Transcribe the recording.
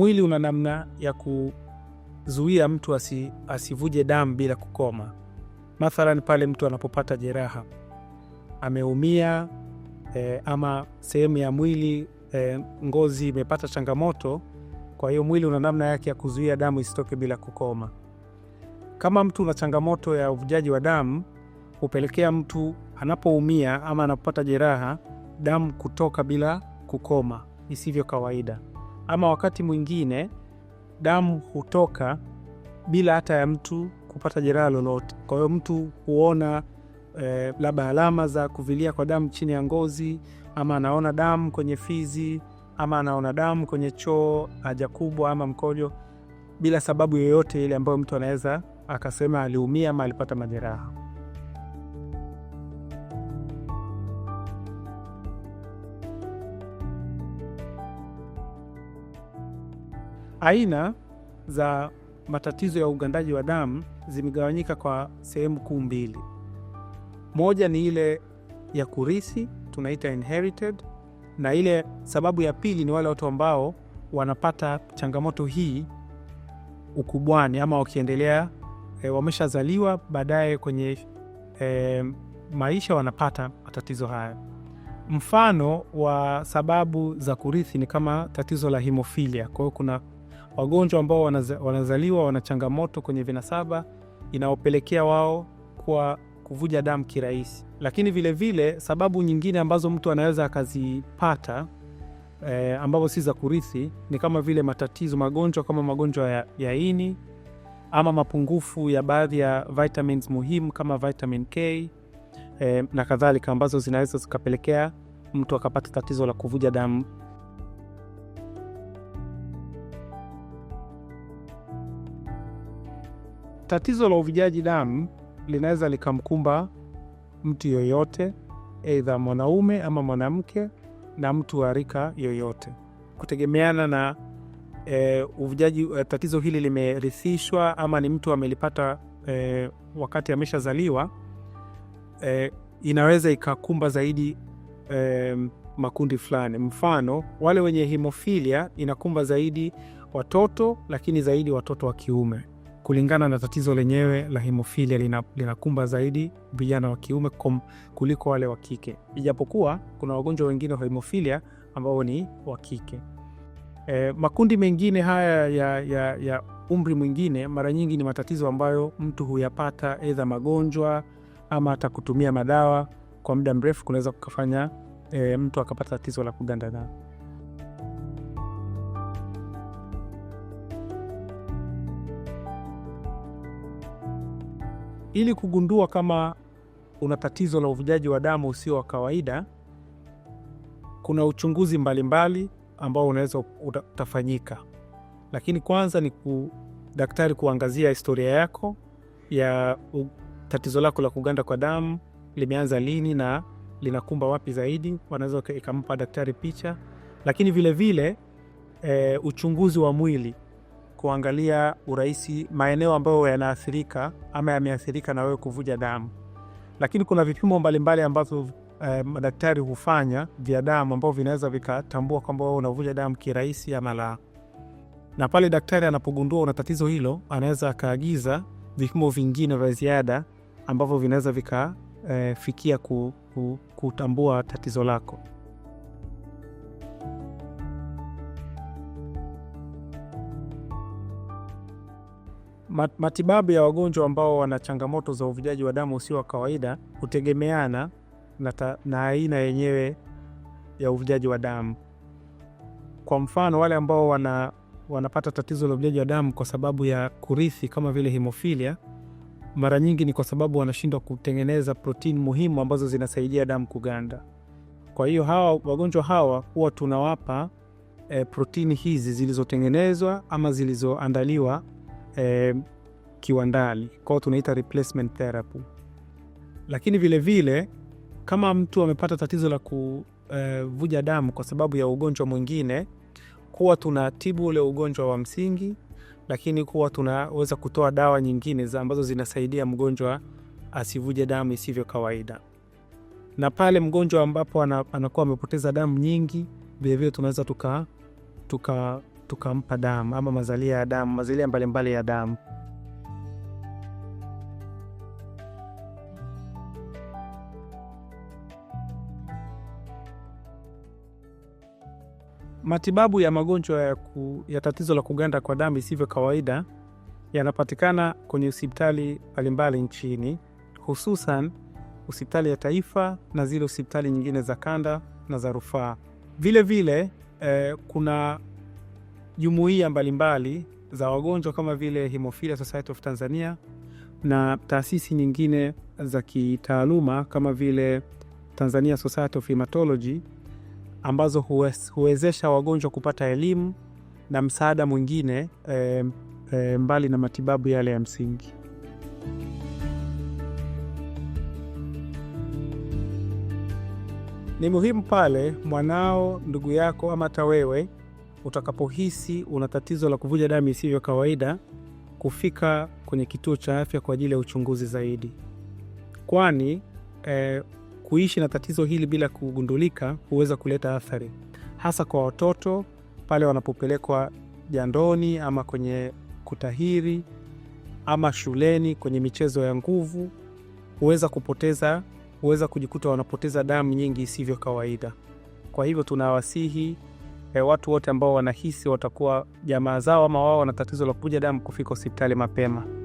mwili una namna ya kuzuia mtu asi, asivuje damu bila kukoma. Mathalan, pale mtu anapopata jeraha, ameumia e, ama sehemu ya mwili e, ngozi imepata changamoto, kwa hiyo mwili una namna yake ya kuzuia damu isitoke bila kukoma. Kama mtu una changamoto ya uvujaji wa damu, hupelekea mtu anapoumia ama anapopata jeraha damu kutoka bila kukoma isivyo kawaida ama wakati mwingine damu hutoka bila hata ya mtu kupata jeraha lolote. Kwa hiyo mtu huona eh, labda alama za kuvilia kwa damu chini ya ngozi, ama anaona damu kwenye fizi, ama anaona damu kwenye choo, haja kubwa ama mkojo, bila sababu yoyote ile ambayo mtu anaweza akasema aliumia ama alipata majeraha. Aina za matatizo ya ugandaji wa damu zimegawanyika kwa sehemu kuu mbili. Moja ni ile ya kurisi tunaita inherited, na ile sababu ya pili ni wale watu ambao wanapata changamoto hii ukubwani ama wakiendelea e, wameshazaliwa baadaye kwenye e, maisha wanapata matatizo haya. Mfano wa sababu za kurithi ni kama tatizo la himofilia. kwahio kuna wagonjwa ambao wanazaliwa wana changamoto kwenye vinasaba inaopelekea wao kuwa kuvuja damu kirahisi. Lakini vile vile, sababu nyingine ambazo mtu anaweza akazipata e, ambazo si za kurithi ni kama vile matatizo, magonjwa kama magonjwa ya, ya ini ama mapungufu ya baadhi ya vitamins muhimu kama vitamin K e, na kadhalika ambazo zinaweza zikapelekea mtu akapata tatizo la kuvuja damu Tatizo la uvijaji damu linaweza likamkumba mtu yoyote, aidha mwanaume ama mwanamke, na mtu wa rika yoyote, kutegemeana na e, e, Tatizo hili limerithishwa ama ni mtu amelipata e, wakati ameshazaliwa. E, inaweza ikakumba zaidi e, makundi fulani. Mfano, wale wenye himofilia inakumba zaidi watoto, lakini zaidi watoto wa kiume kulingana na tatizo lenyewe la hemofilia linakumba lina zaidi vijana wa kiume kuliko wale wa kike, ijapokuwa kuna wagonjwa wengine wa hemofilia ambao ni wa kike. E, makundi mengine haya ya, ya, ya umri mwingine mara nyingi ni matatizo ambayo mtu huyapata edha magonjwa ama hata kutumia madawa kwa muda mrefu kunaweza kukafanya e, mtu akapata tatizo la kugandana. Ili kugundua kama una tatizo la uvujaji wa damu usio wa kawaida, kuna uchunguzi mbalimbali mbali ambao unaweza utafanyika, lakini kwanza ni ku, daktari kuangazia historia yako ya u, tatizo lako la kuganda kwa damu limeanza lini na linakumba wapi zaidi. Wanaweza ikampa daktari picha, lakini vilevile vile, e, uchunguzi wa mwili kuangalia urahisi maeneo ambayo yanaathirika ama yameathirika na wewe kuvuja damu. Lakini kuna vipimo mbalimbali ambavyo eh, madaktari hufanya vya damu ambavyo vinaweza vikatambua kwamba wewe unavuja damu kirahisi ama la, na pale daktari anapogundua una tatizo hilo, anaweza akaagiza vipimo vingine vya ziada ambavyo vinaweza vikafikia eh, ku, ku, kutambua tatizo lako. Matibabu ya wagonjwa ambao wana changamoto za uvujaji wa damu usio wa kawaida hutegemeana na aina yenyewe ya uvujaji wa damu. Kwa mfano, wale ambao wana, wanapata tatizo la uvujaji wa damu kwa sababu ya kurithi kama vile hemofilia, mara nyingi ni kwa sababu wanashindwa kutengeneza protini muhimu ambazo zinasaidia damu kuganda. Kwa hiyo hawa wagonjwa hawa huwa tunawapa e, protini hizi zilizotengenezwa ama zilizoandaliwa eh, kiwandani kwao tunaita replacement therapy. Lakini vilevile vile, kama mtu amepata tatizo la kuvuja eh, damu kwa sababu ya ugonjwa mwingine, kuwa tunatibu ule ugonjwa wa msingi, lakini kuwa tunaweza kutoa dawa nyingine za ambazo zinasaidia mgonjwa asivuje damu isivyo kawaida. Na pale mgonjwa ambapo anakuwa amepoteza damu nyingi, vilevile tunaweza tuka, tuka tukampa damu ama mazalia ya damu, mazalia mbalimbali ya damu. Matibabu ya magonjwa ya, ku, ya tatizo la kuganda kwa damu isivyo kawaida yanapatikana kwenye hospitali mbalimbali nchini, hususan hospitali ya taifa na zile hospitali nyingine za kanda na za rufaa. Vile vile eh, kuna jumuiya mbalimbali za wagonjwa kama vile Hemophilia Society of Tanzania na taasisi nyingine za kitaaluma kama vile Tanzania Society of Hematology ambazo huwezesha wagonjwa kupata elimu na msaada mwingine e, e, mbali na matibabu yale ya msingi. Ni muhimu pale mwanao, ndugu yako ama hata wewe utakapohisi una tatizo la kuvuja damu isivyo kawaida, kufika kwenye kituo cha afya kwa ajili ya uchunguzi zaidi, kwani eh, kuishi na tatizo hili bila kugundulika huweza kuleta athari hasa kwa watoto pale wanapopelekwa jandoni ama kwenye kutahiri ama shuleni kwenye michezo ya nguvu, huweza kupoteza huweza kujikuta wanapoteza damu nyingi isivyo kawaida. Kwa hivyo tunawasihi eh, watu wote ambao wanahisi watakuwa jamaa zao ama wao wana tatizo la kuvuja damu kufika hospitali mapema.